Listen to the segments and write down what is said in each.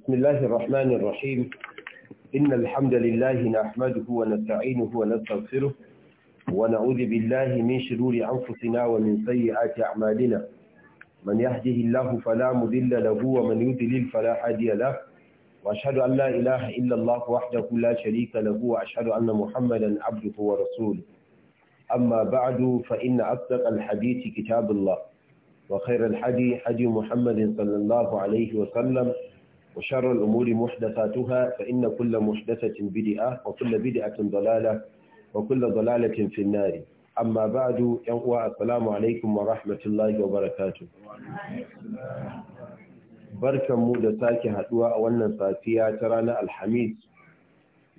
بسم الله الرحمن الرحيم إن الحمد لله نحمده ونستعينه ونستغفره ونعوذ بالله من شرور أنفسنا ومن سيئات أعمالنا من يهده الله فلا مذل له ومن يذلل فلا هادي له وأشهد أن لا إله إلا الله وحده لا شريك له وأشهد أن محمدا عبده ورسوله أما بعد فإن أصدق الحديث كتاب الله وخير الحدي حدي محمد صلى الله عليه وسلم وشر الأمور محدثاتها فإن كل محدثة بدعة وكل بدعة ضلالة وكل ضلالة في النار أما بعد ينقوى السلام عليكم ورحمة الله وبركاته بركة مودة ساكي هدوى أولا ساتية ترانا الحميد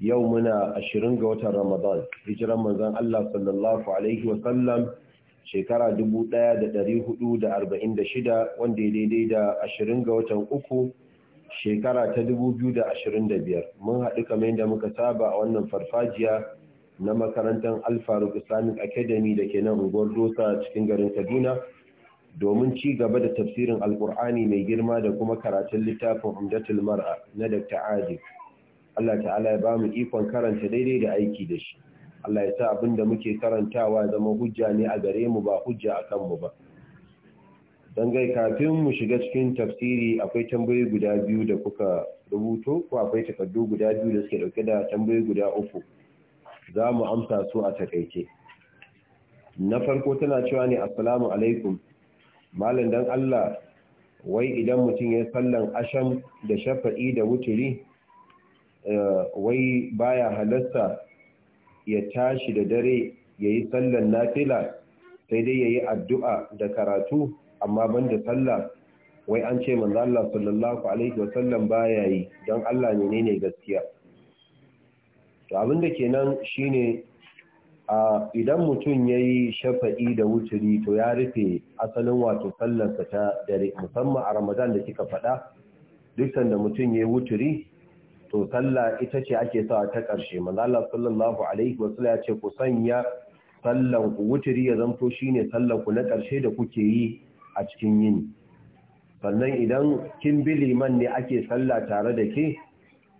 يومنا الشرنق وتر رمضان هجرة من الله صلى الله عليه وسلم shekara dubu ɗaya da da da ɗari hudu arba'in shida, wanda ya daidai da ashirin ga watan uku shekara ta da da biyar mun haɗu kamar yadda muka saba a wannan farfajiya na makarantar alfaruk islamic academy da ke nan unguwar dosa cikin garin kaduna domin ci gaba da tafsirin alkur'ani mai girma da kuma karatun littafin umdatul mar'a na dr adi allah ta'ala ya ba mu ikon karanta daidai da aiki da shi allah ya sa abin da muke karantawa zama hujja ne a gare mu ba hujja a kanmu ba don gai kafin mu shiga cikin tafsiri akwai tambayoyi guda biyu da kuka rubuto ko akwai takardu guda biyu da suke dauke da tambayoyi guda uku za mu amsa su a takaice na farko tana cewa ne assalamu alaikum malam dan Allah wai idan mutum ya sallan asham da shafa'i da wuturi eh, wai baya halasta ya tashi da dare yayi sallan nafila sai dai yayi addu'a da karatu amma ban da sallah wai an ce manzo Allah sallallahu alaihi wa sallam baya yi don Allah ne ne gaskiya to abin da kenan shine a idan mutum yayi shafa'i da wuturi to ya rufe asalin wato sallarsa ta dare musamman a Ramadan da kika faɗa duk sanda mutum yayi wuturi to sallah ita ce ake sawa ta ƙarshe manzo Allah sallallahu alaihi wa sallam ya ce ku sanya sallan ku wuturi ya zanto shine sallan ku na ƙarshe da kuke yi a cikin yini sannan idan kin bi liman ne ake sallah tare da ke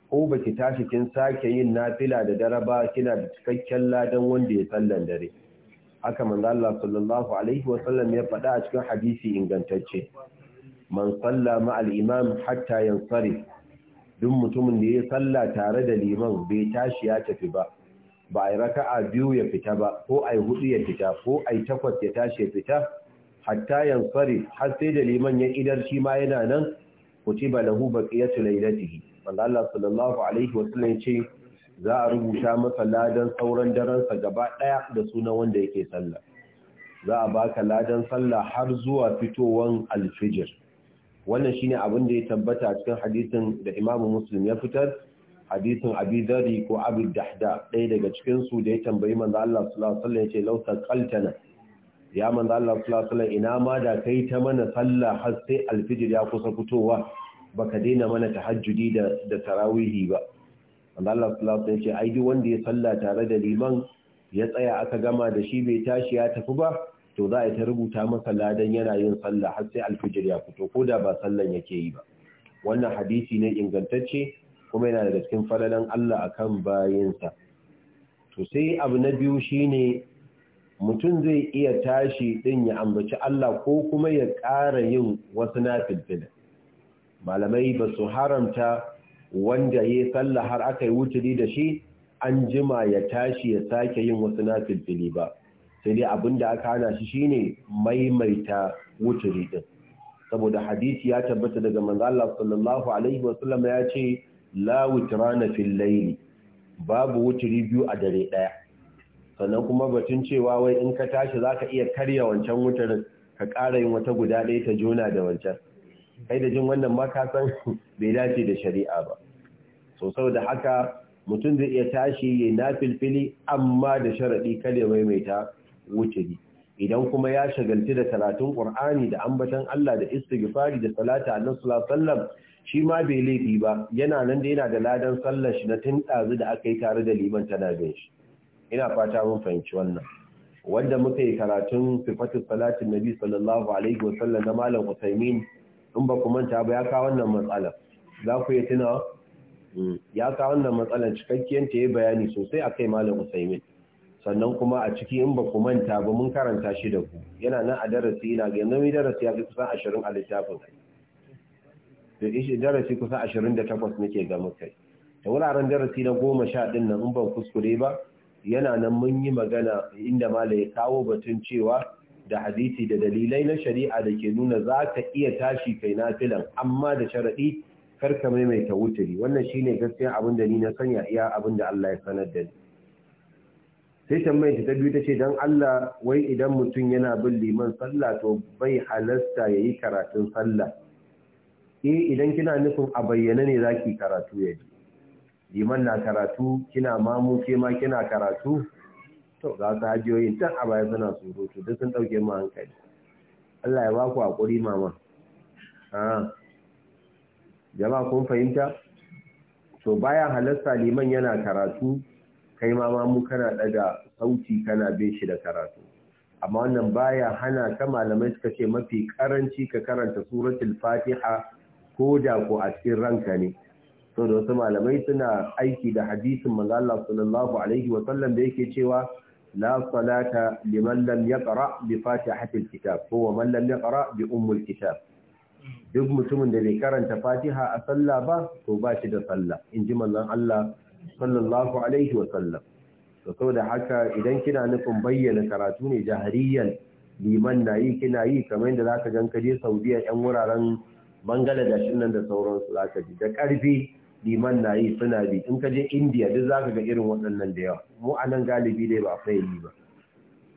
ko ba ki tashi kin sake yin nafila da dare ba kina da cikakken ladan wanda ya sallan dare haka manzo Allah sallallahu alaihi wa sallam ya faɗa a cikin hadisi ingantacce man salla al imam hatta yansari. duk mutumin da ya salla tare da liman bai tashi ya tafi ba ba ai raka'a biyu ya fita ba ko ai hudu ya fita ko ai takwas ya tashi ya fita hatta yansari har sai da liman ya idar shi ma yana nan kutiba lahu baqiyatu laylatihi manzo Allah sallallahu alaihi wasallam ce za a rubuta masa ladan sauran daransa gaba daya da sunan wanda yake sallah za a baka ladan sallah har zuwa fitowan alfijir wannan shine abin da ya tabbata a cikin hadisin da Imam Muslim ya fitar hadisin Abi Dharr ko Abi Dahda ɗaya daga cikin su da ya tambayi manzo Allah sallallahu alaihi ce law taqaltana ya manzo Allah sallallahu alaihi ina ma da kai ta mana sallah har sai alfijir ya kusa fitowa baka daina mana tahajjudi da da tarawihi ba manzo Allah sallallahu alaihi wasallam ce ai duk wanda ya salla tare da liman ya tsaya aka gama da shi bai tashi ya tafi ba to za a ta rubuta masa ladan yana yin sallah har sai alfijir ya fito ko da ba sallan yake yi ba wannan hadisi ne ingantacce kuma yana da cikin falalan Allah akan bayinsa to sai abu na biyu shine mutum zai iya tashi din ya ambaci Allah ko kuma ya ƙara yin wasu nafilfila malamai ba su haramta wanda ya sallah har aka yi wuturi da shi an jima ya tashi ya sake yin wasu nafilfili ba sai dai abin da aka hana shi shine maimaita wuturi din saboda hadisi ya tabbata daga manzo Allah sallallahu alaihi wasallam ya ce la witrana fil layli babu wuturi biyu a dare ɗaya. sannan kuma batun cewa wai in ka tashi za ka iya karya wancan wutar ka ƙara yin wata guda ɗaya ta juna da wancan kai da jin wannan makasan bai dace da shari'a ba so da haka mutum zai iya tashi ya na filfili amma da sharaɗi ya maimaita wuturi idan kuma ya shagalci da karatun ƙur'ani da ambatan Allah da istighfari da salata annabi sallallahu shi ma bai laifi ba yana nan da yana da ladan sallar shi na tun ɗazu da aka yi tare da liman tana bin shi ina fata mun fahimci wannan wanda muka yi karatun sifatin salatin nabi sallallahu alaihi wasallam na malam Usaimin in ba ku manta ba ya kawo wannan matsalar za ku yi tuna hmm, ya kawo wannan matsalar cikakkiyar ta yi bayani sosai akai malam Usaimin sannan kuma a ciki in ba ku manta ba mun karanta shi da ku yana nan a darasi ina ga yanzu darasi ya fi kusan 20 a littafin da ishe darasi kusan 28 nake ga yi da wuraren darasi na sha ɗin nan in ban kuskure ba yana nan mun yi magana inda mala ya kawo batun cewa da hadisi da dalilai na shari'a da ke nuna za ka iya tashi kai na nafilan amma da sharaɗi karka maimaita wuturi wannan shi ne gaskiya abin da ni na sanya iya abin da Allah ya sanar da ni sai tambayar ta biyu ta ce don Allah wai idan mutum yana bin liman sallah to bai halasta ya yi karatun sallah eh idan kina nufin a bayyane ne za ki karatu ya yi. liman na karatu kina mamu ke ma kina karatu to ga su hajjoyi can a baya suna to duk sun dauke mu hankali Allah ya baku hakuri mama ah jama'a kun fahimta to bayan halasta liman yana karatu kai ma mamu kana daga sauti kana be shi da karatu amma wannan baya hana ta malamai suka ce mafi karanci ka karanta suratul fatiha ko da ko a cikin ranka ne so da wasu malamai suna aiki da hadisin manzo Allah sallallahu alaihi wa sallam da yake cewa la salata liman lam yaqra bi fatihatil kitab ko man lam yaqra bi ummul kitab duk mutumin da bai karanta fatiha a sallah ba to ba shi da sallah inji manzon Allah sallallahu alaihi wa sallam to saboda haka idan kina nufin bayyana karatu ne jahariyan liman na yi kina yi kamar yadda zaka gan ka je Saudiya yan wuraren Bangladesh nan da sauransu zaka ji da karfi liman na yi suna bi in ka je indiya duk za ka ga irin waɗannan da yawa mu a nan galibi dai ba fayi yi ba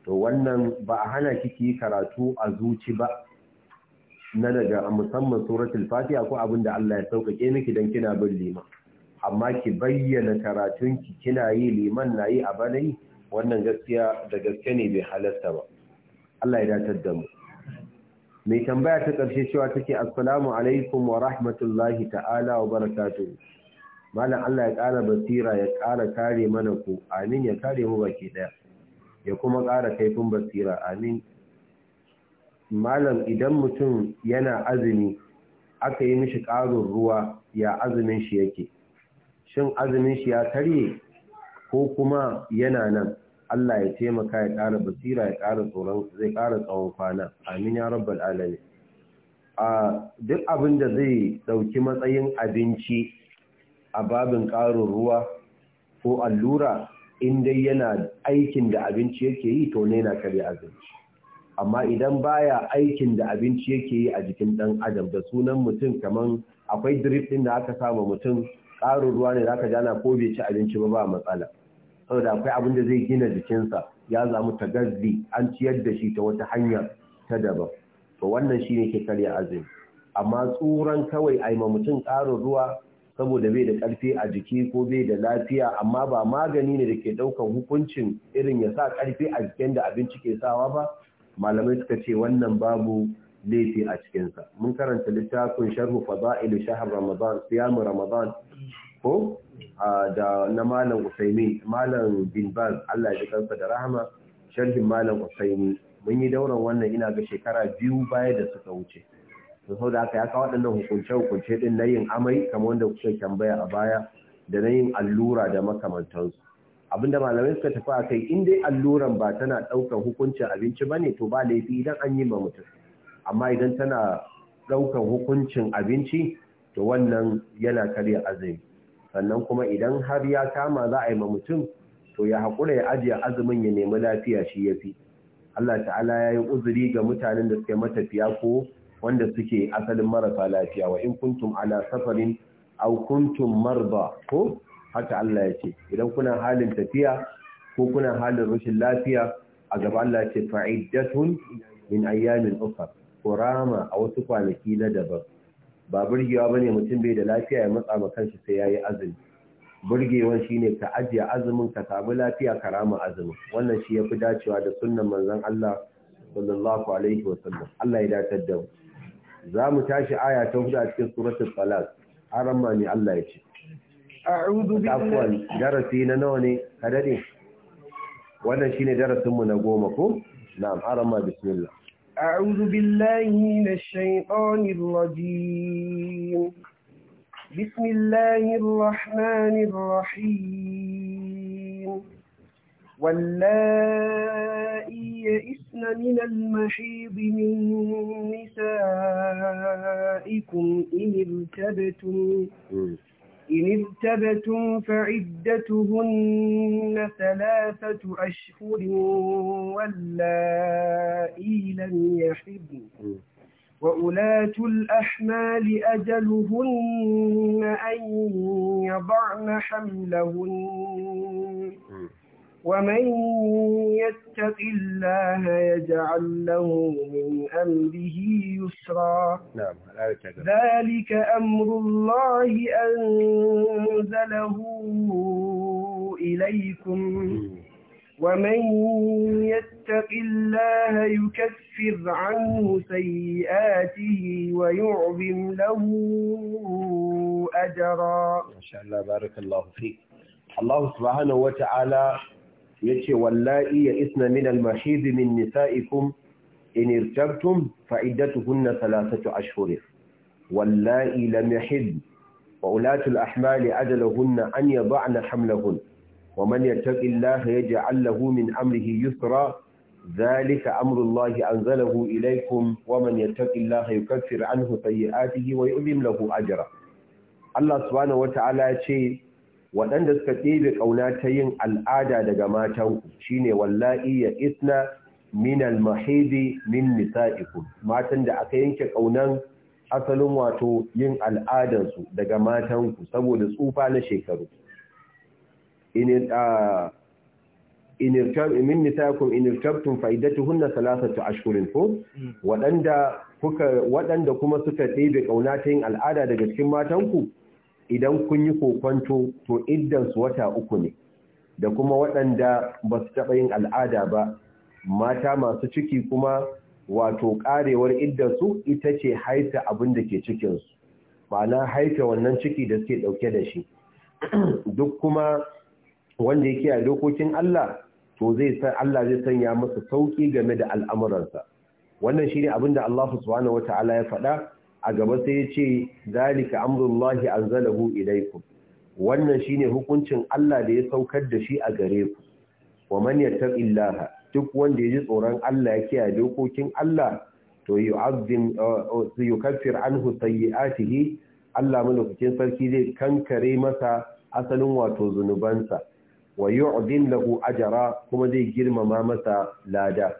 to wannan ba a hana kiki karatu a zuci ba na daga musamman suratul fatiha ko abin da Allah ya sauƙaƙe miki dan kina bin liman amma ki bayyana karatun ki kina yi liman na yi a banai wannan gaskiya da gaske ne bai halarta ba Allah ya datar da mu mai tambaya ta ƙarshe cewa take assalamu alaikum wa rahmatullahi ta'ala wa barakatu. malam Allah ya ƙara basira ya ƙara kare mana ku amin ya kare mu baki ɗaya ya kuma ƙara kaifin basira amin malam idan mutum yana azumi aka yi mishi ƙarin ruwa ya azumin shi yake shin azumin shi ya karye ko kuma yana nan Allah ya taimaka ya ƙara basira ya ƙara tsoron zai ƙara tsawon kwana amin ya rabbal alamin a duk abin da zai ɗauki matsayin abinci a babin ƙarin ruwa ko allura in dai yana aikin da abinci yake yi to ne na kare abinci amma idan baya aikin da abinci yake yi a jikin ɗan adam da sunan mutum kamar akwai drip ɗin da aka samu mutum ƙarin ruwa ne da aka jana ko bai ci abinci ba ba matsala saboda akwai abin da zai gina jikinsa ya zamu tagazzi an ciyar da shi ta wata hanya ta daban to wannan shine ke karya azumi amma tsoron kawai a yi ma mutum ƙarin ruwa saboda bai da ƙarfi a jiki ko bai da lafiya amma ba magani ne da ke ɗaukan hukuncin irin ya sa ƙarfi a jikin da abinci ke sawa ba malamai suka ce wannan babu laifi a cikinsa mun karanta littafin sharhu fada'ilu shahar ramadan siyam ramadan ko da na malam usaimi malam bin baz Allah ya ji kansa da rahama sharhin malam usaimi mun yi dauran wannan ina ga shekara biyu baya da suka wuce sau da aka ya kawo waɗannan hukunce-hukunce din na yin amai kamar wanda kuka tambaya a baya da na yin allura da makamantansu abinda malamai suka tafi a kai in dai alluran ba tana ɗaukar hukuncin abinci ba ne to ba laifi idan an yi ma mutum amma idan tana ɗaukar hukuncin abinci to wannan yana karya azumi sannan kuma idan har ya kama za a yi ma mutum to ya haƙura ya ajiye azumin ya nemi lafiya shi ya fi Allah ta'ala ya yi uzuri ga mutanen da suke matafiya ko wanda suke asalin marasa lafiya wa in kuntum ala safarin aw kuntum marda ko haka Allah ya ce idan kuna halin tafiya ko kuna halin rashin lafiya a gaba Allah ya ce fa'iddatun min ayyamin ukhra kurama a wasu kwanaki na daban ba burgewa bane mutum bai da lafiya ya matsa ma kansa sai yayi azumi burgewan shine ka ajiye azumin ka samu lafiya karama azumin wannan shi yafi dacewa da sunnan manzon Allah sallallahu alaihi wasallam Allah ya dace da mu za mu tashi aya ta hudu a cikin suratul talaq aran ne Allah ya ce a'udhu billahi darasi na nawa ne ne. wannan shine darasin mu na goma ko na'am aran bismillah أعوذ بالله من الشيطان الرجيم بسم الله الرحمن الرحيم واللائي يئسن من المحيض من نسائكم إن ارتبتم إن ارتبتم فعدتهن ثلاثة أشهر واللائي لم يحبن وأولاة الأحمال أجلهن أن يضعن حملهن ومن يتق الله يجعل له من أمره يسرا نعم ذلك أمر الله أنزله إليكم ومن يتق الله يكفر عنه سيئاته ويعظم له أجرا ما شاء الله بارك الله فيك الله سبحانه وتعالى yace wallahi ya isna min al-mahid min nisa'ikum in irtabtum fa iddatuhunna thalathatu ashhur wallahi lam yahid wa ulatul ahmali ajaluhunna an yad'na hamlahun wa man yattaqi Allah yaj'al lahu min amrihi yusra ذلك أمر الله أنزله إليكم ومن يتق الله يكفر عنه سيئاته ويؤلم lahu أجره Allah subhanahu wata'ala ya ce waɗanda suka ɗebe ƙauna ta yin al'ada daga matanku shine wallahi ya isna min al-mahidi min nisa'ikum matan da aka yanke ƙaunan asalin wato yin al'adansu daga matanku saboda tsufa na shekaru ah, min nisa'ikum in irtabtum faidatuhunna thalathatu ashhurin ko mm. waɗanda kuka waɗanda kuma suka ɗebe ƙauna ta yin al'ada daga cikin matanku idan kun yi kokonto to iddansu wata uku ne da kuma waɗanda ba su taɓa yin al'ada ba mata masu ciki kuma wato ƙarewar iddansu ita ce haita abin da ke cikinsu ma'ana haita wannan ciki da suke ɗauke da shi duk kuma wanda yake a dokokin Allah to zai san Allah zai sanya masa sauki game da al'amuransa wannan shine abin da Allah subhanahu wataala ya faɗa a gaba sai ya ce zalika amrullahi anzalahu ilaykum wannan shine hukuncin Allah da ya saukar da shi a gare ku wa man yattaqillaha duk wanda ya ji tsoron Allah ya kiyaye dokokin Allah to yu'azzim uh, yukaffir anhu sayyi'atihi Allah malakucin sarki zai kankare masa asalin wato zunubansa wa yu'zim lahu ajra kuma zai girmama masa lada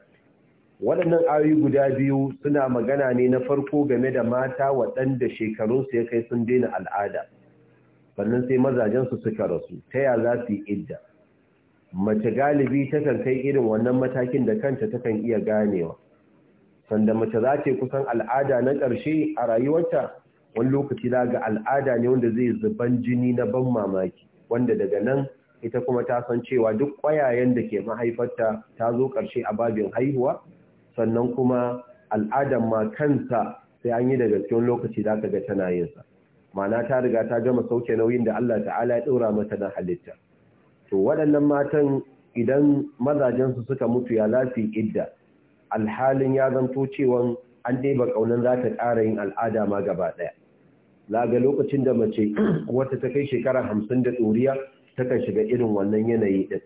waɗannan ayoyi guda biyu suna magana ne na farko game da mata waɗanda shekarunsu ya kai sun daina al'ada sannan sai mazajensu suka rasu ta ya za su yi idda mace galibi takan kai irin wannan matakin da kanta takan iya ganewa sanda mace za ta kusan al'ada na ƙarshe a rayuwarta wani lokaci za ga al'ada ne wanda zai zuban jini na ban mamaki wanda daga nan ita kuma ta san cewa duk ƙwayayen da ke mahaifarta ta zo ƙarshe a babin haihuwa sannan kuma al'adan ma kansa sai an yi da gaske lokaci da aka ga tana yin sa ma'ana ta riga ta gama sauke nauyin da Allah ta'ala ya ɗora mata na halitta to waɗannan matan idan mazajen su suka mutu ya lafi idda alhalin ya zanto cewa an ba ƙaunar za ta ƙara yin al'ada ma gaba ɗaya La ga lokacin da mace wata ta kai shekara hamsin da ɗoriya kan shiga irin wannan yanayi ɗin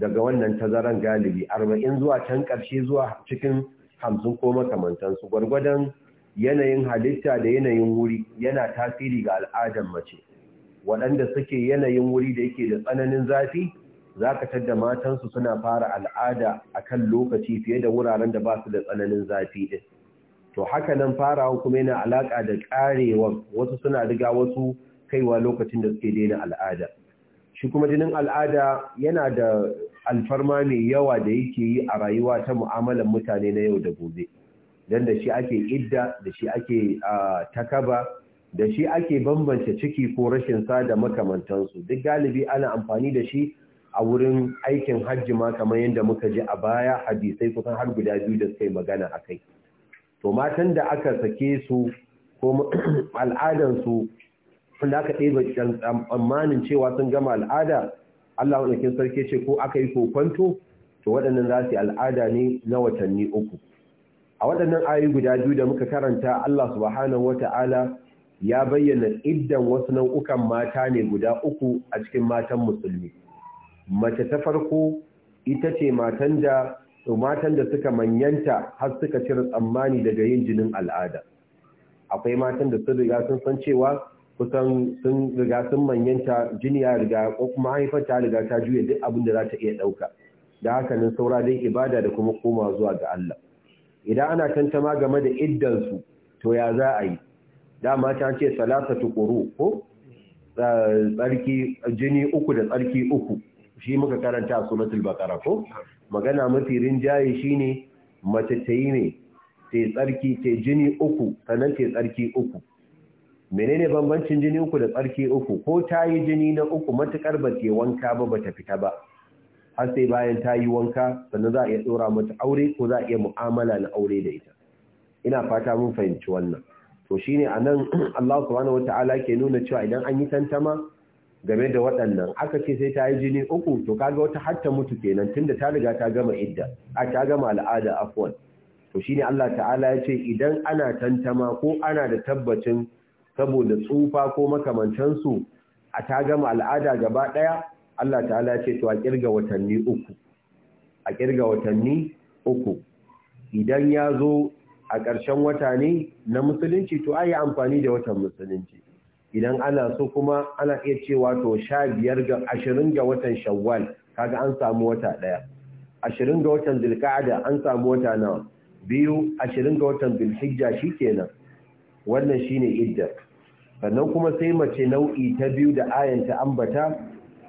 daga wannan tazaran galibi arba'in zuwa can ƙarshe zuwa cikin hamsin ko makamantansu gwargwadon yanayin halitta da yanayin wuri yana tasiri ga al'adar mace waɗanda suke yanayin wuri da yake da tsananin zafi za ka tadda matansu suna fara al'ada a kan lokaci fiye da wuraren da ba su da tsananin zafi ɗin to haka nan farawa kuma yana alaƙa da ƙarewa wasu suna riga wasu kaiwa lokacin da suke daina al'ada shi kuma jinin al'ada yana da alfarma mai yawa da yake yi a rayuwa ta mu'amalar mutane na yau da gobe don da shi ake idda da shi ake takaba da shi ake bambance ciki ko rashin sa da makamantansu duk galibi ana amfani da shi a wurin aikin hajji ma kamar yadda muka ji a baya hadisai kusan har guda biyu da suka yi magana a kai to matan da aka sake su ko al'adansu da aka ɗeba tsammanin cewa sun gama al'ada Allah wadakin sarki ce ko aka yi kokonto to waɗannan za su yi al'ada ne na watanni uku a waɗannan ayi guda biyu da muka karanta Allah subhanahu wata'ala ya bayyana iddan wasu nau'ukan mata ne guda uku a cikin matan musulmi mace ta farko ita ce matan da matan da suka manyanta har suka cire tsammani daga yin jinin al'ada akwai matan da sun riga sun san cewa kusan sun riga sun manyanta jini ya riga ko kuma haifar ta riga ta juya duk abin da za ta iya ɗauka da haka nan saura dai ibada da kuma koma zuwa ga Allah idan ana tantama game da iddansu to ya za a yi dama ta ce salasa tukuru ko tsarki jini uku da tsarki uku shi muka karanta a suratul baqara ko magana mafi rinjaye shine mace ta yi ne ta tsarki ta jini uku sannan ta tsarki uku menene bambancin jini uku da tsarki uku ko ta yi jini na uku matukar ba ke wanka ba ba ta fita ba har sai bayan ta yi wanka sannan za a iya tsora mata aure ko za a iya mu'amala na aure da ita ina fata mun fahimci wannan to shine anan Allah subhanahu wataala ke nuna cewa idan an yi tantama game da waɗannan aka ce sai ta yi jini uku to kaga wata har ta mutu kenan tunda ta riga ta gama idda a ta gama al'ada afwan to shine Allah ta'ala ya ce idan ana tantama ko ana da tabbacin saboda tsufa ko makamancansu a ta gama al'ada gaba ɗaya Allah ta'ala ce to a kirga watanni uku a kirga watanni uku idan ya zo a ƙarshen wata ne na musulunci to a yi amfani da watan musulunci idan ana so kuma ana iya cewa to sha biyar ga ashirin ga watan shawwal kaga an samu wata ɗaya ashirin ga watan zilka'ada an samu wata nawa biyu ashirin ga watan bilhijja shi kenan wannan shi ne iddar, sannan kuma sai mace nau'i ta biyu da ayanta ambata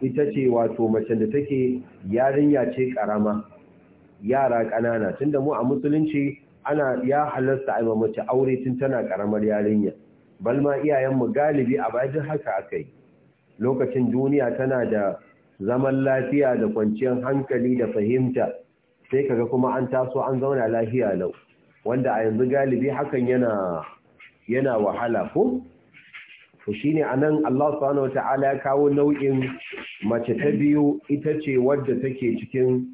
ita ce wato mace da take yarinya ce karama yara ƙanana tunda mu a musulunci ana ya halasta a mace aure tun tana karamar yarinya balma mu galibi a bajin haka aka yi lokacin duniya tana da zaman lafiya da kwanciyar hankali da fahimta sai kaga kuma an taso an zauna lafiya lau wanda a yanzu galibi hakan yana yana wahala ko to shine anan Allah subhanahu wataala ya kawo nau'in mace ta biyu ita ce wadda take cikin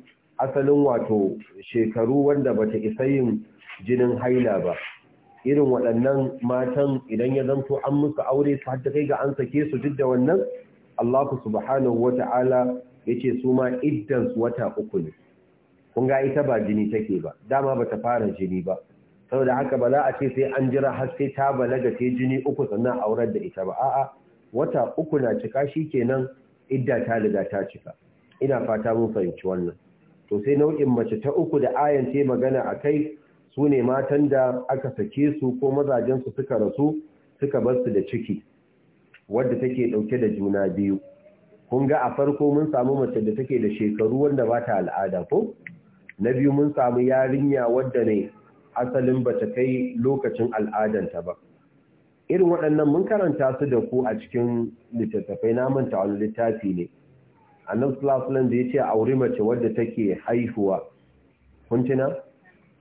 asalin wato shekaru wanda bata isa yin jinin haila ba irin waɗannan matan idan ya zanto an musu aure su hadda kai ga an sake su duk da wannan Allah subhanahu wata'ala yace su ma iddan wata uku ne kun ga ita ba jini take ba dama bata fara jini ba saboda haka ba za a ce sai an jira har sai ta balaga ta jini uku sannan aurar da ita ba a'a wata uku na cika shi kenan idda ta riga ta cika ina fata mun fahimci wannan to sai nau'in mace ta uku da ayan ce magana a kai su ne matan da aka sake su ko mazajen su suka rasu suka bar su da ciki wadda take dauke da juna biyu kun ga a farko mun samu mace da take da shekaru wanda ba ta al'ada ko na biyu mun samu yarinya wadda ne asalin ba ta kai lokacin al'adanta ba irin waɗannan mun karanta su da ku a cikin littattafai na manta wani littafi ne a nan sulasulan da yace auri mace wadda take haihuwa kuntina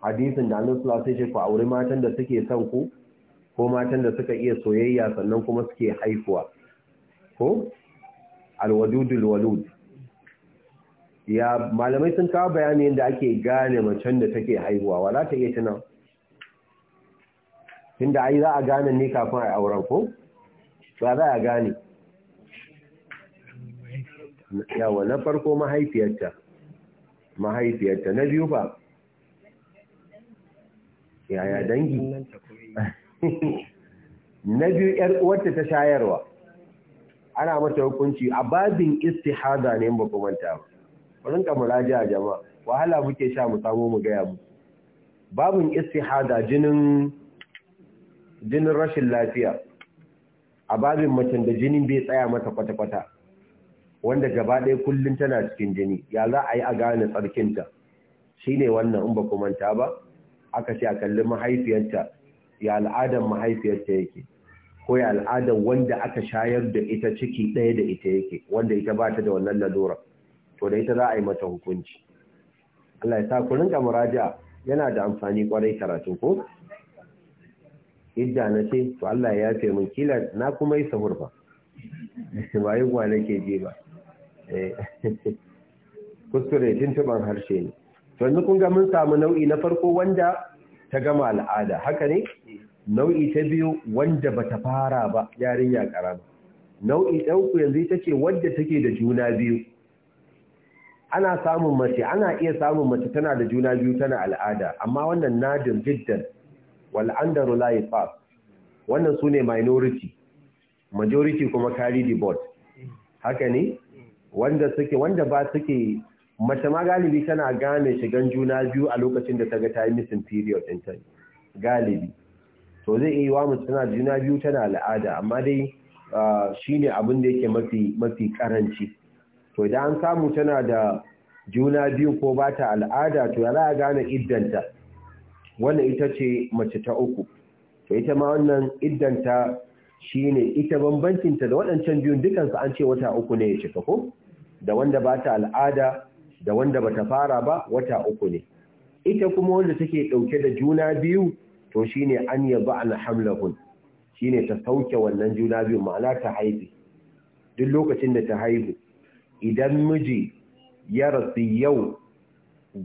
hadisin da nan sallallahu ce ku auri matan da suke son ku ko matan da suka iya soyayya sannan kuma suke haihuwa ko alwadudul walud ya malamai sun kawo bayani yadda ake gane macen da take haihuwa wala ta iya tuna inda ai za a gane ne kafin a auren ko ba za a gane yawa na farko mahaifiyarta mahaifiyarta na biyu ba yaya dangi na biyu yar uwarta ta shayarwa ana mata hukunci a babin istihada ne ba kuma ta ba rinka a jama'a wahala muke sha mu samu mu gaya mu babun istihada jinin jinin rashin lafiya a babin macen da jinin bai tsaya mata kwata-kwata wanda gaba ɗaya kullum tana cikin jini ya za a yi a gane tsarkinta shi ne wannan in ba manta ba aka ce a kalli mahaifiyarta ya al'adar mahaifiyarta yake ko ya al'adar wanda aka shayar da ita ciki ɗaya da ita yake wanda ita ba ta da wannan lalura to da ita za a yi mata hukunci Allah ya sa ku rinka muraja yana da amfani kwarai karatu ko idda na ce to Allah ya yafe min kila na kuma yi sahur ba ba yi gwa nake je ba eh. kuskure tuntuban harshe ne to kun ga mun samu nau'i na farko wanda ta gama al'ada haka ne nau'i ta biyu wanda bata fara ba yarinya karama nau'i ɗauku yanzu ita ce wadda take da juna biyu ana samun mace ana iya samun mace tana da juna biyu tana al'ada amma wannan nadir jiddan wal andaru la yafas wannan sune minority majority kuma carry the board haka ne wanda suke wanda ba suke mace ma galibi tana gane shigan juna biyu a lokacin da ta ga time missing period din ta galibi to zai iya wa mace tana juna biyu tana al'ada amma dai ah, shine abin da yake mafi mafi karanci to idan an samu tana da juna biyu ko ba ta al'ada to ya za gane iddanta wannan ita ce mace ta uku to ita ma wannan iddanta shi ne ita bambancinta da waɗancan biyun dukansu an ce wata uku ne ya cika ko da wanda ba ta al'ada da wanda ba ta fara ba wata uku ne ita kuma wanda take ɗauke da juna biyu to shi ne an yaba an hamlahun shi ne ta sauke wannan juna biyu ma'ana ta haifi duk lokacin da ta haihu idan miji ya rasu yau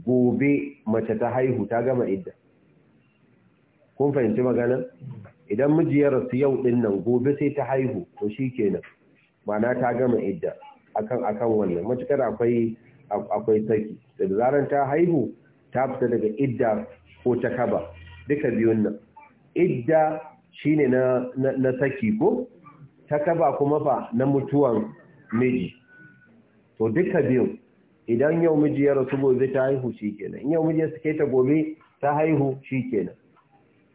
gobe mace ta haihu ta gama idda kun fahimci magana idan miji ya rasu yau din nan gobe sai ta haihu to shikenan ma'ana ta gama idda akan akan wannan matukar akwai akwai saki da zaran ta haihu ta fita daga idda ko ta kaba duka biyun nan idda shine na na saki ko ta kaba kuma fa na mutuwan miji to duka biyu idan yau miji ya rasu gobe ta haihu shi kenan in yau miji ya suke ta gobe ta haihu shi kenan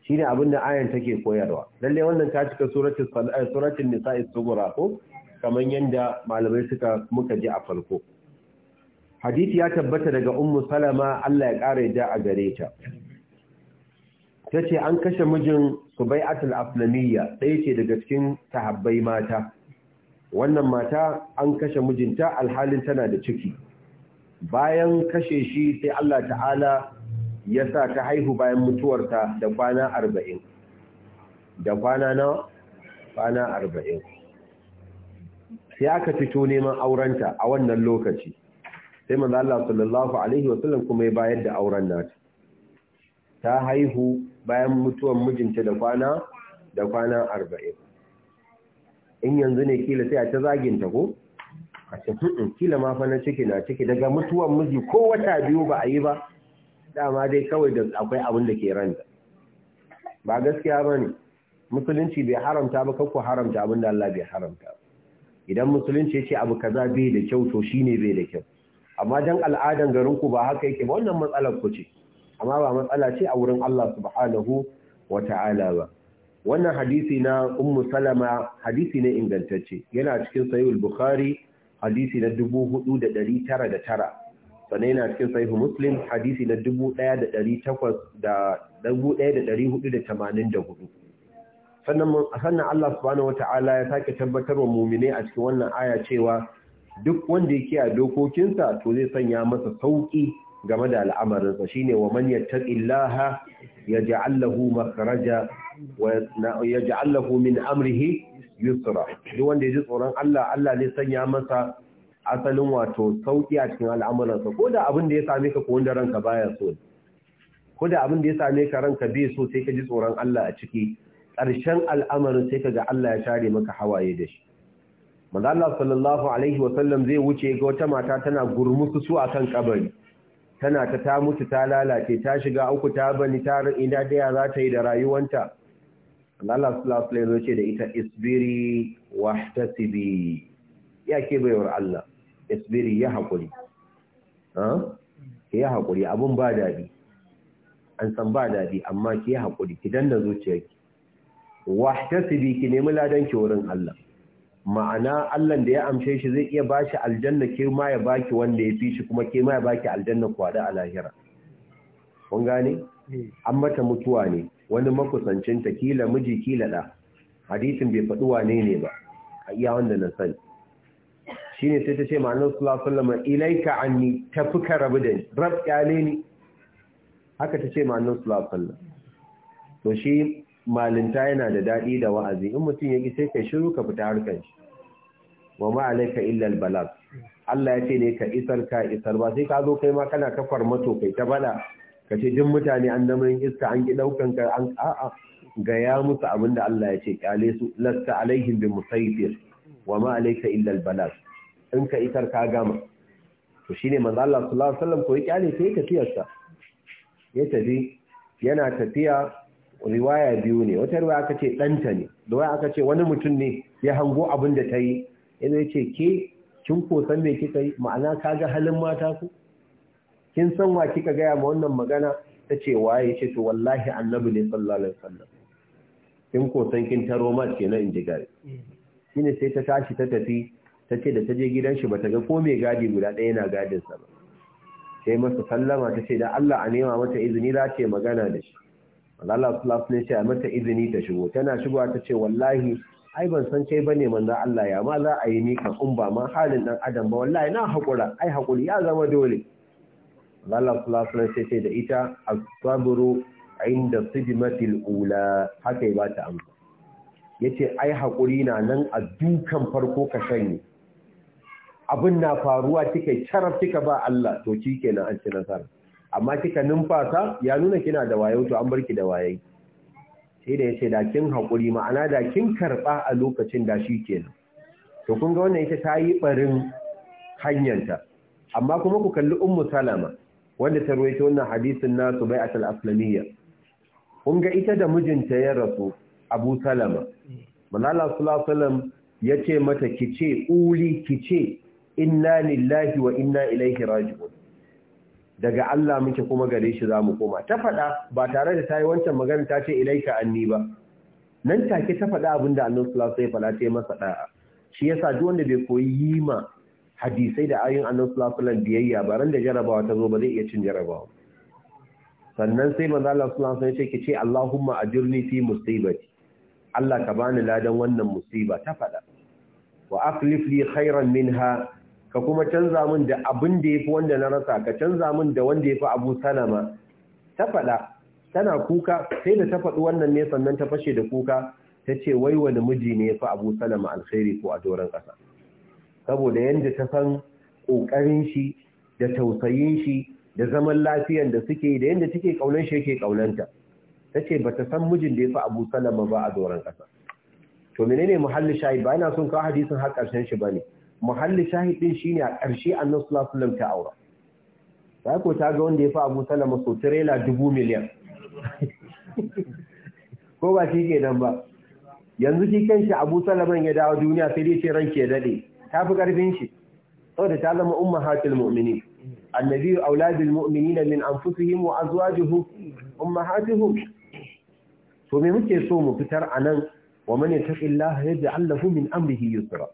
shi ne abin da ayan take koyarwa lalle wannan ta cika suratun eh, nisa sugura ko kamar yadda malamai suka muka ji a farko Hadithi ya tabbata daga ummu salama Allah ya ya ja a gare ta Ta ce an kashe mijin subai'atul aflamiyya ɗaya ce daga cikin sahabbai mata wannan mata an kashe mijinta alhalin tana da ciki bayan kashe shi sai Allah ta'ala ya sa ta haihu bayan mutuwarta da kwana arba'in da kwana na kwana arba'in sai aka fito neman aurenta a wannan lokaci sai manzo Allah sallallahu alaihi wasallam kuma ya bayar da auren nata ta haihu bayan mutuwar mijinta da kwana da kwana arba'in in yanzu ne kila sai a ta zaginta ko a ce kila ma fa ciki na ciki daga mutuwan miji ko wata biyu ba a yi ba dama dai kawai da akwai abin da ke ranta ba gaskiya ba musulunci bai haramta ba kakku haramta abin da Allah bai haramta idan musulunci ya ce abu kaza bai da kyau to shine bai da kyau amma dan al'adan garin ku ba haka yake ba wannan matsalar ku ce amma ba matsala ce a wurin Allah subhanahu wa ta'ala ba wannan hadisi na ummu salama hadisi ne ingantacce yana cikin sahihul bukhari hadisi na 4909 sannan yana cikin sahihu muslim hadisi na 1484 sannan sannan Allah subhanahu wataala ya sake tabbatar wa mu'mine a cikin wannan aya cewa duk wanda yake a dokokinsa to zai sanya masa sauki game da al'amarinsa ne wa man yattaqillaha yaj'al lahu makhraja ya yaj'al lahu min amrihi yusra duk wanda ya ji tsoron Allah Allah ne sanya masa asalin wato sauƙi a cikin al'amuransa ko da abin da ya same ka ko wanda ranka baya so ko da abin da ya same ka ranka bai so sai ka ji tsoron Allah a ciki ƙarshen al'amarin sai ka ga Allah ya share maka hawaye da shi manzo Allah sallallahu alaihi wa sallam zai wuce ga wata mata tana gurmusu su akan kabari tana ta ta mutu ta lalace ta shiga uku ta bani ta ina da za ta yi da rayuwanta Allah sallallahu alaihi wasallam ce da ita isbiri wahtasibi ya ke bai baiwar Allah isbiri ya hakuri ha ke ya hakuri abun ba dadi an san ba dadi amma ke ya hakuri ki danna zuciyarki wahtasibi ki nemi ladan ki wurin Allah ma'ana Allah da ya amshe shi zai iya bashi aljanna ke ma ya baki wanda ya fi shi kuma ke ma ya baki aljanna kwada a lahira kun gane hmm. an mata mutuwa ne wani makusancin ta kila miji kila da hadisin bai faɗi wane ne ba a iya wanda na sani Shi ne sai ta ce ma'anar su alaihi wasallam ilaika anni tafi ka rabu da ni rab kyale ni haka ta ce ma'anar su alaihi to shi malinta yana da daɗi da wa'azi in mutum ya ƙi sai ka shiru ka fita harkar shi wa ma alaika illa albalag Allah ya ce ne ka isar ka isar ba sai ka zo kai ma kana kafar mato kai ta bada ka ce duk mutane an in iska an ki daukan ka an a'a ya musu abinda Allah ya ce kyale su lasta alaihim bi musaytir wa ma alaika illa albalag in ka isar ka gama to shine manzo Allah sallallahu alaihi wasallam ko ya kyale sai ka tiyarsa ya tafi yana tafiya riwaya biyu ne wata riwaya aka ce ɗanta ne riwaya aka ce wani mutum ne ya hango abin da ta yi yana ce ke kin kosan me kika yi ma'ana ka ga halin mata ku kin san wa kika gaya ma wannan magana ta ce waye ce to wallahi annabi ne sallallahu alaihi wasallam kin kosan kin taro ma kenan in ji gari shine sai ta tashi ta tafi ta ce da ta je gidan shi bata ga ko mai gadi guda ɗaya yana gadin sa ba sai masa sallama ta ce da Allah a nema mata izini za ta magana da shi Allah sallallahu ne ya mata izini ta shigo tana shigowa ta ce wallahi ai ban san kai bane manzo Allah ya ma za a yi ni kan ba ma halin ɗan adam ba wallahi na hakura ai hakuri ya zama dole Allah sallallahu alaihi ce da ita as a inda Matil ula haka ba ta amsa yace ai hakuri na nan a dukan farko ka shanye abin na faruwa kika charaf kika ba Allah to shikenan an ci nasara amma kika numfasa ya nuna kina da wayo to an barki da waye sai da yace da kin hakuri ma'ana da kin karba a lokacin da shi kenan to kun ga wannan ita ta yi barin hanyarta amma kuma ku kalli ummu salama wanda ta rawaito wannan hadisin na subai'at al-aslamiyya kun ga ita da mijinta ya rasu abu salama manala sallallahu alaihi wasallam yace mata kice uli kice inna lillahi wa inna ilaihi raji'un daga Allah muke kuma gare shi za mu koma ta faɗa ba tare da ta yi wancan magana ta ce ilaika anni ba nan take ta faɗa abin da annabi sallallahu alaihi wasallam ya masa da'a shi yasa duk wanda bai koyi yima hadisai da ayoyin annabi sallallahu alaihi wasallam biyayya ba ran da jarabawa ta zo ba zai iya cin jarabawa sannan sai manzo Allah sallallahu alaihi wasallam ya ce ki ce Allahumma ajirni fi musibati Allah ka bani ladan wannan musiba ta faɗa wa aqlif li khairan minha ka kuma canza min da abin da ya fi wanda na rasa ka canza min da wanda ya fi abu salama ta faɗa tana kuka sai da ta faɗi wannan ne sannan ta fashe da kuka ta ce wai wani miji ne ya fi abu salama alkhairi ko a doron ƙasa saboda yadda ta san ƙoƙarin shi da tausayin shi da zaman lafiyan da suke da yadda take ƙaunar shi yake ƙaunanta ta ce ba ta san mijin da ya fi abu salama ba a doron ƙasa to menene muhalli shayi ba yana son kawo hadisin har ƙarshen shi ba ne muhalli shahidin shine a ƙarshe annabi sallallahu alaihi wasallam ta aura sai ko ta ga wanda ya fi Abu Salama so trailer dubu miliyan ko ba shi ke nan ba yanzu shi kanshi Abu Salama ya dawo duniya sai dai ce ranke dade ta fi karfin shi saboda ta zama ummahatul mu'minin annabi auladul mu'minina min anfusihim wa azwajuhum ummahatuhum to me muke so mu fitar a nan wa man yattaqillaha yaj'al lahu min amrihi yusra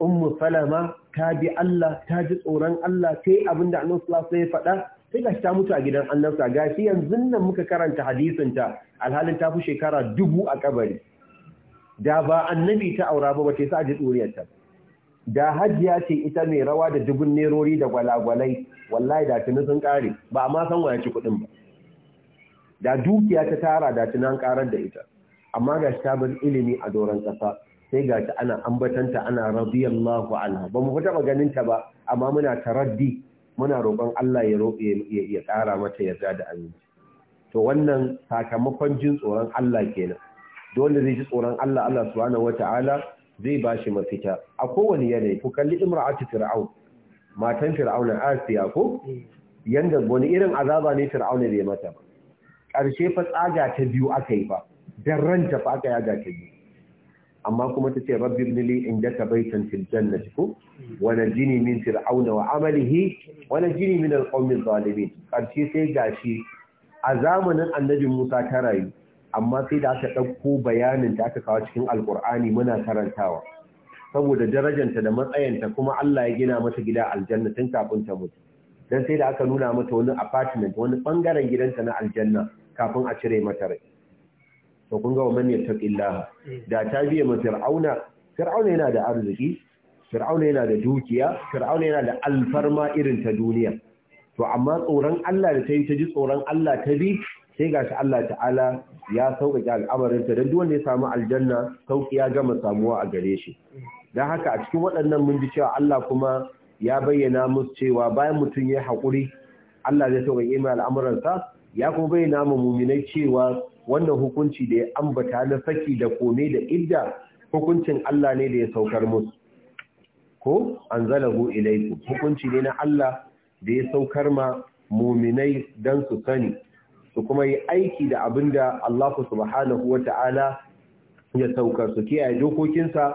ummu salama ta bi Allah ta ji tsoron Allah ta yi abin da annabi sallallahu alaihi ya faɗa sai gashi ta mutu a gidan ga shi yanzu nan muka karanta hadisinta alhalin ta fi shekara dubu a kabari da ba annabi ta aura ba bace sa ji tsoriyarta da hajiya ce ita mai rawa da dubun nerori da gwalagwalai wallahi da tuni sun kare ba a ma san waya ci kuɗin ba da dukiya ta tara da tunan karar da ita amma gashi ta bar ilimi a doron ƙasa sai ga ta ana ambatanta ana radiyallahu anha ba mu fita maganin ta ba amma muna taraddi muna roƙon Allah ya roƙe ya ƙara mata yarda da aminci to wannan sakamakon jin tsoron Allah kenan dole zai ji tsoron Allah Allah subhanahu wataala zai bashi mafita a kowane yanayi ku kalli imra'atu fir'aun matan fir'auna asiya ko yanda wani irin azaba ne fir'auna zai mata ba ƙarshe fa tsaga ta biyu aka yi fa dan ranta fa aka yaga ta biyu amma kuma ta ce rabbi ibn li indaka baytan fil jannati ko wa najini min fir'auna wa amalihi wa najini min alqawmi zalimin karshe sai gashi a zamanin annabi Musa ta rayu amma sai da aka dauko bayanin da aka kawo cikin alqur'ani muna karantawa saboda darajanta da matsayinta kuma Allah ya gina mata gida aljanna tun kafin ta mutu dan sai da aka nuna mata wani apartment wani bangaren gidanta na aljanna kafin a cire mata rai to kun ga wa man yattaqillaha eh. da ta biya ma fir'auna fir'auna yana da arziki fir'auna yana da dukiya fir'auna yana da alfarma irin ta duniya to amma tsoron Allah da ta yi ta ji tsoron Allah ta bi sai gashi Allah ta'ala ya sauƙaƙe ta don duk wanda ya samu aljanna sauƙi ya gama samuwa a gare shi dan haka a cikin waɗannan mun ji cewa Allah kuma ya bayyana musu cewa bayan mutum ya haƙuri Allah zai sauƙaƙe mai al'amuransa ya kuma bayyana ma muminai cewa wannan hukunci da ya ambata na saki da kome da idda hukuncin Allah ne da ya saukar musu ko anzalahu ilaikum hukunci ne na Allah da ya saukar ma muminai dan su sani su kuma yi aiki da abinda Allah subhanahu wata'ala ya saukar su kiyaye dokokinsa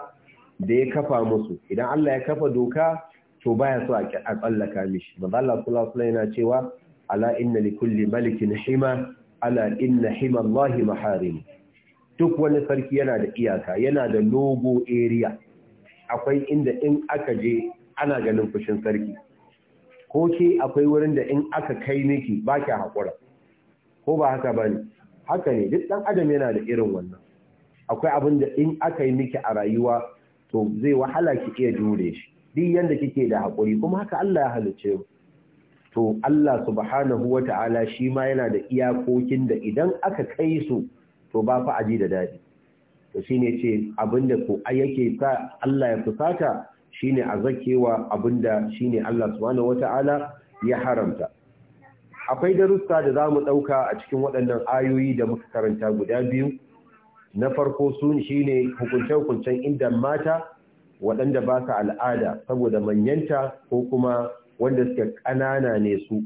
da ya kafa musu idan Allah ya kafa doka to baya so a tsallaka mishi manzo Allah sallallahu alaihi wasallam yana cewa ala inna kulli malikin hima ala inna hima Allah maharim duk wani sarki yana da iyaka yana da logo area akwai inda in aka je ana ganin fushin sarki ko ke akwai wurin da in aka kai miki ba ki haƙura ko ba haka ba ne haka ne duk ɗan adam yana da irin wannan akwai abin da in aka yi miki a rayuwa to zai wahala ki iya jure shi duk yanda kike da hakuri kuma haka Allah ya halicce mu to Allah subhanahu wa ta'ala shi ma yana da iyakokin da idan aka kai su to ba fa aji da daɗi to shi ne ce abinda ko yake sa Allah ya fusata shi ne a zakewa abinda shi ne Allah subhanahu wa ta'ala ya haramta akwai darussa da za mu ɗauka a cikin waɗannan ayoyi da muka karanta guda biyu na farko sun shi ne hukunce-hukuncen inda mata waɗanda ba su al'ada saboda manyanta ko kuma wanda suke kanana ne su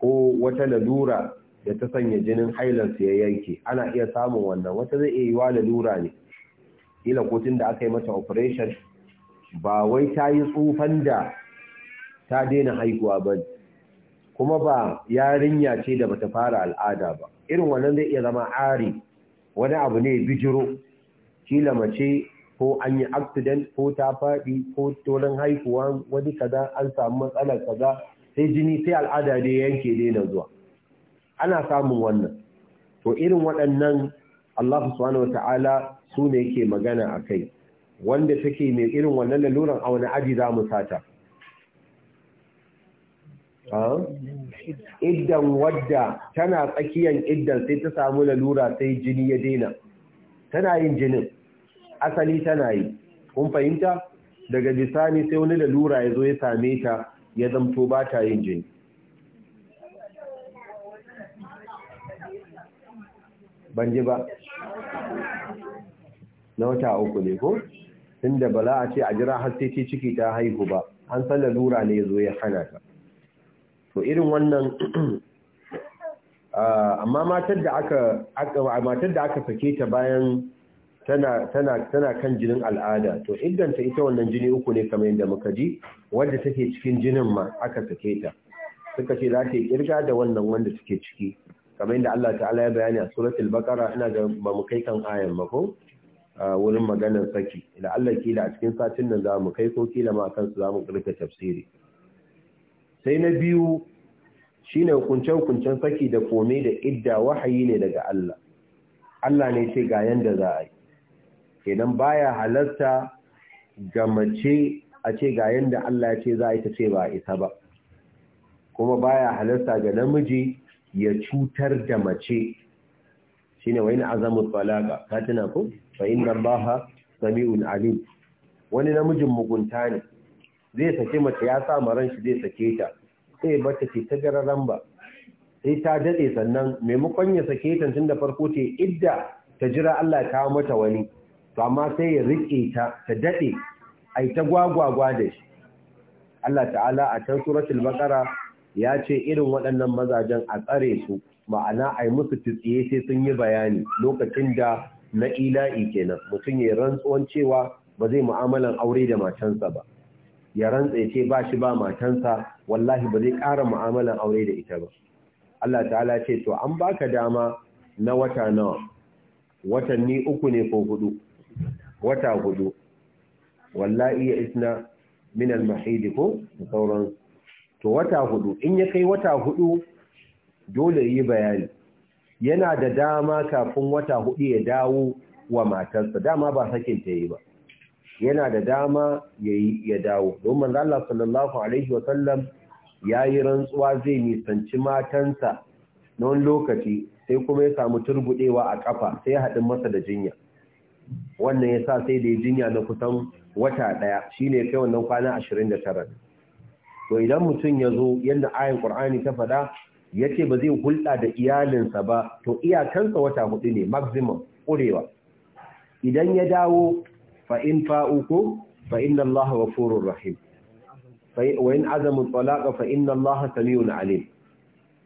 ko wata lalura da ta sanya jinin hailansu ya yanke ana iya samun wannan wata zai iya yi wa lalura ne Ƙila ko tun da aka yi mata operation ba wai ta yi tsufan da ta daina haihuwa ba kuma ba yarinya ce da bata fara al'ada ba irin wannan zai iya zama ari wani abu ne bijiro kila mace ko an yi accident ko ta faɗi ko tolin haihuwa wani kaza an samu matsalar kaza sai jini sai al'ada da yanke daina zuwa ana samun wannan to irin waɗannan Allah subhanahu ta'ala su ne yake magana a kai wanda take mai irin wannan laluran a wani aji za mu sata iddan wadda tana tsakiyan iddan sai ta samu lalura sai jini ya daina tana yin jinin asali tana yi kun fahimta daga bisani sai wani da lura ya zo ya same ta ya zamto ba ta yin jini ban ji ba na wata uku ne ko da bala a ce a jira har sai ce ciki ta haihu ba an san da lura ne ya zo ya hana ta to irin wannan ah, amma matar da aka matar da aka sake ta bayan tana tana tana kan jinin al'ada to iddanta ita wannan jini uku ne kamar yadda muka ji wanda take cikin jinin ma aka sake ta suka ce za ta kirga da wannan wanda suke ciki kamar yadda Allah ta'ala ya bayani a suratul baqara ina ga ba mu kai kan ayan ba ko wurin maganar saki Da Allah kila a cikin satin nan za mu kai ko kila ma kan su za mu kirka tafsiri sai na biyu shine hukunce hukuncen saki da kome da idda wahayi ne daga Allah Allah ne ce ga yanda za a yi kenan baya halarta ga mace a ce ga yanda Allah ya ce za a ce ba ita ba kuma baya halarta ga namiji ya cutar da mace shine wani azamu talaka ka tana ko fa inna allaha sami'un alim wani namijin mugunta ne zai sake mace ya sa maran shi zai sake ta sai bata ce ta gararan ba sai ta dade sannan maimakon ya sake ta tun da farko ce idda ta jira Allah ya kawo mata wani to amma sai ya riƙe ta ta dade ai ta gwagwagwa da shi Allah ta'ala a can suratul baqara ya ce irin waɗannan mazajen a tsare su ma'ana ai musu tsiye sai sun yi bayani lokacin da na ila'i kenan mutum ya rantsuwan cewa ba zai mu'amalan aure da matansa ba ya rantsa ce ba shi ba matansa wallahi ba zai ƙara mu'amalan aure da ita ba Allah ta'ala ce to an baka dama na wata nawa watanni uku ne ko hudu wata hudu wallahi ya isna min al-mahid ko sauran to wata hudu in ya kai wata hudu dole yi bayani yana da dama kafin wata hudu ya dawo wa matarsa dama ba sakin ta yi ba yana da dama yayi ya dawo don manzo Allah sallallahu alaihi wa sallam yayi rantsuwa zai nisanci matansa na wani lokaci sai kuma ya samu turbudewa a kafa sai ya haɗin masa da jinya wannan ya sa sai da ya jinya na kusan wata ɗaya shi ne kai wannan kwana ashirin da tara to idan mutum ya zo yadda ayin ƙur'ani ta faɗa ya ce ba zai hulɗa da iyalinsa ba to iyakansa wata hudu ne maximum ƙurewa idan ya dawo fa'in fa'uku fa'in Allah wa furun rahim wa'in azamin tsalaƙa fa'in Allah na alim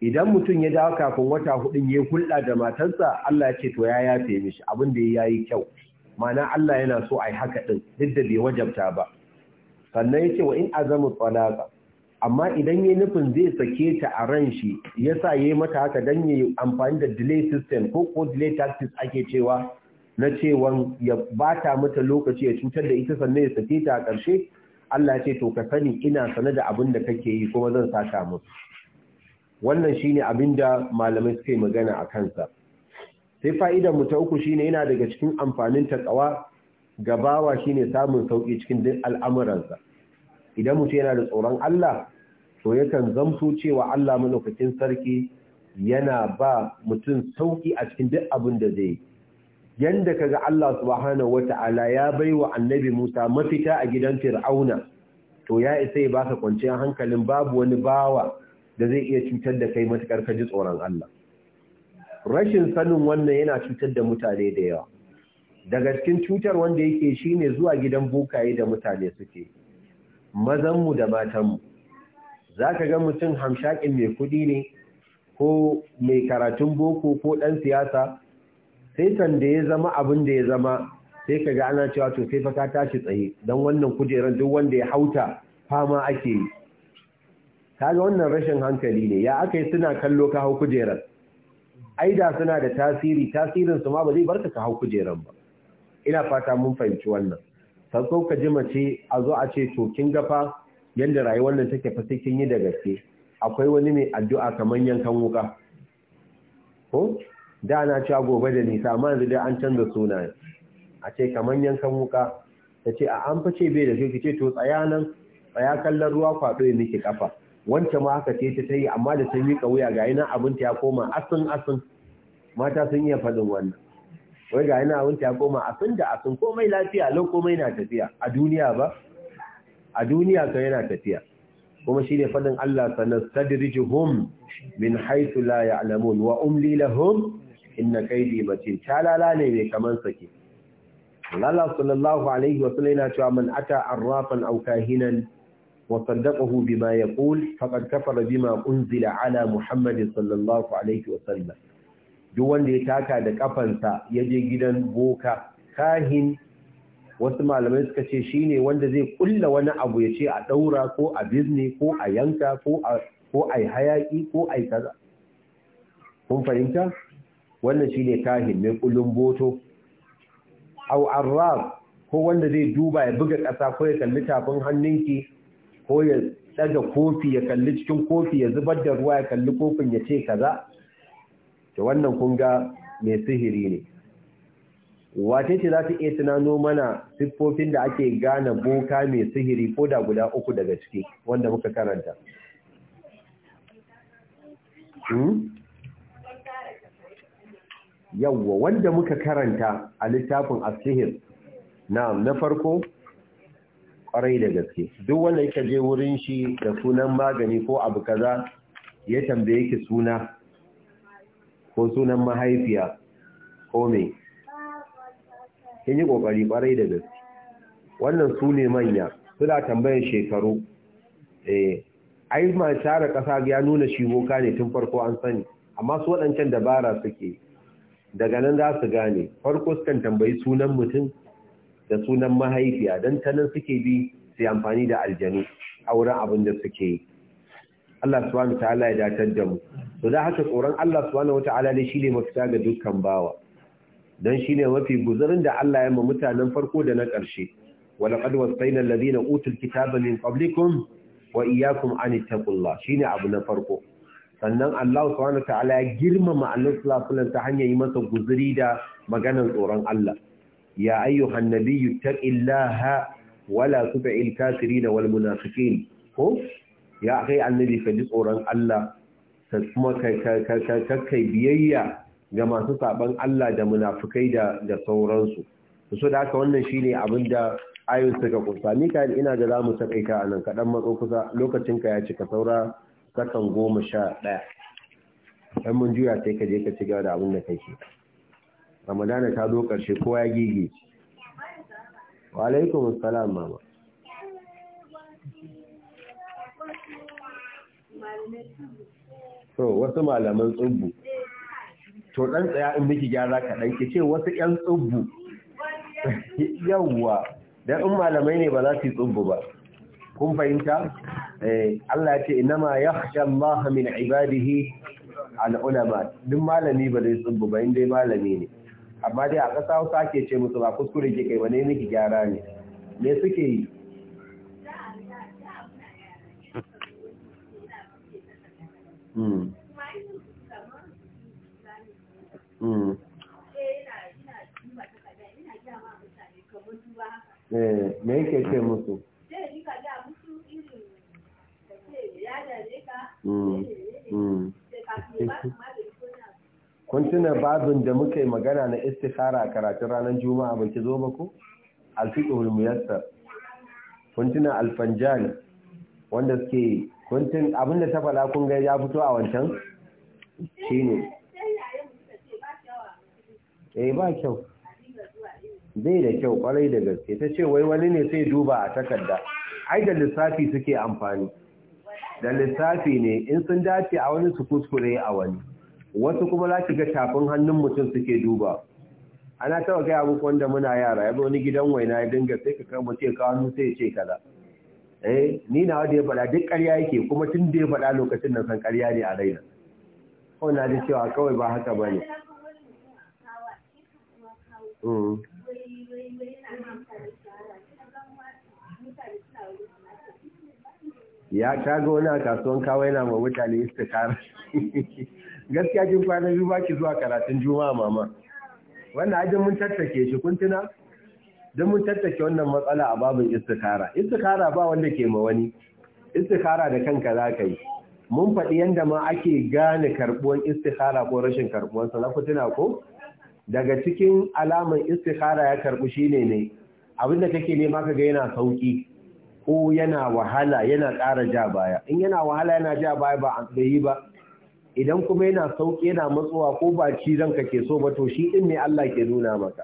idan mutum ya dawo kafin wata hudun ya hulɗa da matarsa Allah ya ce to ya yafe mishi abin da ya yi kyau ma'ana Allah yana so ai haka din duk da bai wajabta ba sannan yace wa in azamu talaqa amma idan yayi nufin zai sake ta a ran shi yasa yayi mata haka dan yayi amfani da delay system ko ko delay tactics ake cewa na cewa ya bata mata lokaci ya cutar da ita sannan ya sake ta a ƙarshe Allah ya ce to ka sani ina sane da abin da kake yi kuma zan saka musu wannan shine abin da malamai suke magana a kansa sai fa'idan mu ta uku shine yana daga cikin amfanin takawa gabawa bawa shine samun sauƙi cikin duk al'amuransa idan mutum yana da tsoron Allah to yakan zamto cewa Allah manufacin sarki yana ba mutum sauƙi a cikin duk abin da zai ka ga Allah subhanahu wata'ala ya bai wa annabi Musa mafita a gidan Fir'auna to ya isa ya baka kwanciyar hankalin babu wani bawa da zai iya cutar da kai matuƙar ka ji tsoron Allah rashin sanin wannan yana cutar da mutane da yawa daga cikin cutar wanda yake shine zuwa gidan bokaye da mutane suke mazanmu da matanmu za ka ga mutum hamshakin mai kuɗi ne ko mai karatun boko ko ɗan siyasa sai sanda ya zama abin da ya zama sai ka ga ana cewa to sai fa ka tashi tsaye don wannan kujerar duk wanda ya hauta fama ake yi kaga wannan rashin hankali ne ya aka yi suna kallo ka hau kujerar Aida suna da tasiri tasirin su ma ba zai barka ka hau kujeran ba ina fata mun fahimci wannan sako ka ji mace a zo a ce to kin gafa fa yanda rayuwar nan take fa sai kin yi da gaske akwai wani mai addu'a kamar yankan wuka ko da na ci gobe da nisa amma yanzu dai an canza sunaye a ce kamar yankan wuka ta ce a an fice bai da kai ce to tsaya nan tsaya kallon ruwa kwaɗo ya miki kafa wance ma haka ce ta yi amma da ta miƙa wuya ga yana abinta ya koma asin asin mata sun iya faɗin wannan wai ga yana abinta ya koma asin da asin komai lafiya lau komai na tafiya a duniya ba a duniya ka yana tafiya kuma shine faɗin Allah sanastadrijuhum min haythu la ya'lamun wa umli lahum inna kaidi matin talala ne mai kaman sake Allah sallallahu alaihi wa sallam yana cewa man ata arrafan aw kahinan وصدقه بما يقول فقد كفر بما أنزل على محمد صلى الله عليه وسلم duk wanda ya taka da kafansa ya je gidan boka kahin wasu malamai suka ce shine wanda zai kulla wani abu ya ce a ɗaura, ko a bizne ko a yanka ko a hayaki ko ai kaza kun fahimta wannan kahin mai kullum boto au arraf ko wanda zai duba ya buga ƙasa ko ya kalli tafin hannunki ko ya daga kofi ya kalli cikin kofi ya zubar da ruwa ya kalli kofin ya ce kaza to wannan kun mai sihiri ne wace ce za ta iya tunano mana siffofin da ake gane boka mai sihiri ko da guda uku daga ciki wanda muka karanta hmm? yawwa wanda muka karanta a littafin asihir na farko kwarai da gaske duk wanda yake je wurin shi da sunan magani ko abu kaza ya tambaye ki suna ko sunan mahaifiya ko me kin yi kokari kwarai da gaske wannan su ne manya suna tambayar shekaru eh ai ma tsara kasa ya nuna shi boka ne tun farko an sani amma su waɗancan dabara suke daga nan za su gane farko sukan tambayi sunan mutum da sunan mahaifiya don ta nan suke bi su amfani da aljanu a wurin abin da suke yi Allah subhanahu ta'ala ya datar da mu to da haka tsoron Allah subhanahu ta'ala ne shine mafita ga dukkan bawa Don shine mafi guzarin da Allah ya ma mutanen farko da na ƙarshe walaqad wasayna alladhina utul kitaba min qablikum wa iyyakum an taqullah shine abu na farko sannan Allah subhanahu ta'ala ya girmama Allah sallallahu alaihi wasallam ta hanyar yi masa guzuri da maganar tsoron Allah ya ayyuhan nabiyyu taqillaha wala tuti'il kafirin wal munafiqin ko ya kai annabi ka ji tsoron Allah ka kuma ka kai biyayya ga masu saban Allah da munafikai da da sauransu so da haka wannan shine abin da ayoyin suka kunsa Mikael ina ga zamu takaita anan kadan matso kusa lokacin ka ya cika saura sakan 11 dan mun juya sai ka je ka ci gaba da abin da kake ramadana ta zo ƙarshe kowa ya gige wa alaikum assalam mama to wasu malaman tsubbu to dan tsaya in miki gyara kaɗan ki ce wasu ƴan tsubbu yawwa dan in malamai ne ba za su yi tsubbu ba kun fahimta eh, Allah ya ce inama yakhsha Allah min ibadihi al'ulama duk malami ba zai tsubbu ba in dai malami ne amma dai a ƙasa wasu ake ce musu ba kuskure ke kai wani miki gyara ne me suke yi hmm. Hmm. Eh, me yake ce musu Mm. Mm. kun tuna babin da muka yi magana na istikhara a karatun ranar juma'a ba ki zo ba ku alfiqhul muyassar kun tuna alfanjan wanda suke kun tun abinda ta fada kun ga ya fito a wancan shine eh ba kyau bai da kyau kwarai da gaske ta ce wai wani ne sai duba a takarda ai da lissafi suke amfani da lissafi ne in sun dace a wani su kuskure a wani wasu kuma za ki ga tafin hannun mutum suke duba ana tawa kai abu wanda muna yara ya wani gidan waina ya dinga sai ka kama ce ka hannu sai ce kaza eh ni na wanda ya faɗa duk ƙarya yake kuma tun da ya faɗa lokacin nan san ƙarya ne a raina ko na ji cewa kawai ba haka ba ne mm. ya kaga wani a kasuwan kawai na ma mutane istikara gaskiya kin kwana biyu baki zuwa karatun juma'a mama wannan ajin mun tattake shi kun tuna don mun tattake wannan matsala a babin istikara istikara ba wanda ke ma wani istikara da kanka za ka yi mun faɗi yadda ma ake gane karɓuwan istikara ko rashin sa na ku tuna ko daga cikin alaman istikara ya karɓu shine ne abinda kake nema ka ga yana sauƙi ko yana wahala yana ƙara ja baya in yana wahala yana ja baya ba bai yi ba idan kuma yana sauki yana matsuwa ko ba ci ranka ke so ba to shi din ne Allah ke nuna maka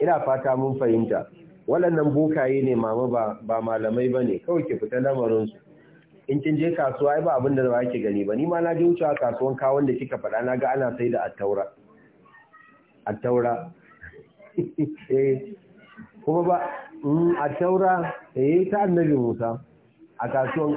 ina fata mun fahimta waɗannan bokaye ne mama ba ba malamai bane kawai ke fita lamarin su in kin je kasuwa ai ba abin da ba gani ba ni ma na je wucewa kasuwan kawon da kika faɗa na ga ana sai attaura attaura eh kuma ba mm, attaura eh ta annabi Musa a kasuwan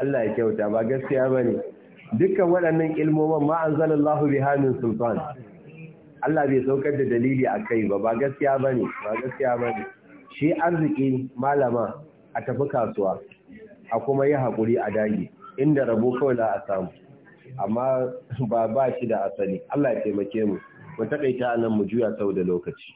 Allah ya kyauta ba gaskiya ba ne dukkan waɗannan ilmomin ma an zala Allah biha min sultan Allah bai saukar da dalili a kai ba ba gaskiya ba ne ba gaskiya ba ne shi arziki malama a tafi kasuwa a kuma yi hakuri a dagi inda rabo kawai za a samu amma ba ba shi da asali Allah ya taimake mu mu taƙaita nan mu juya sau da lokaci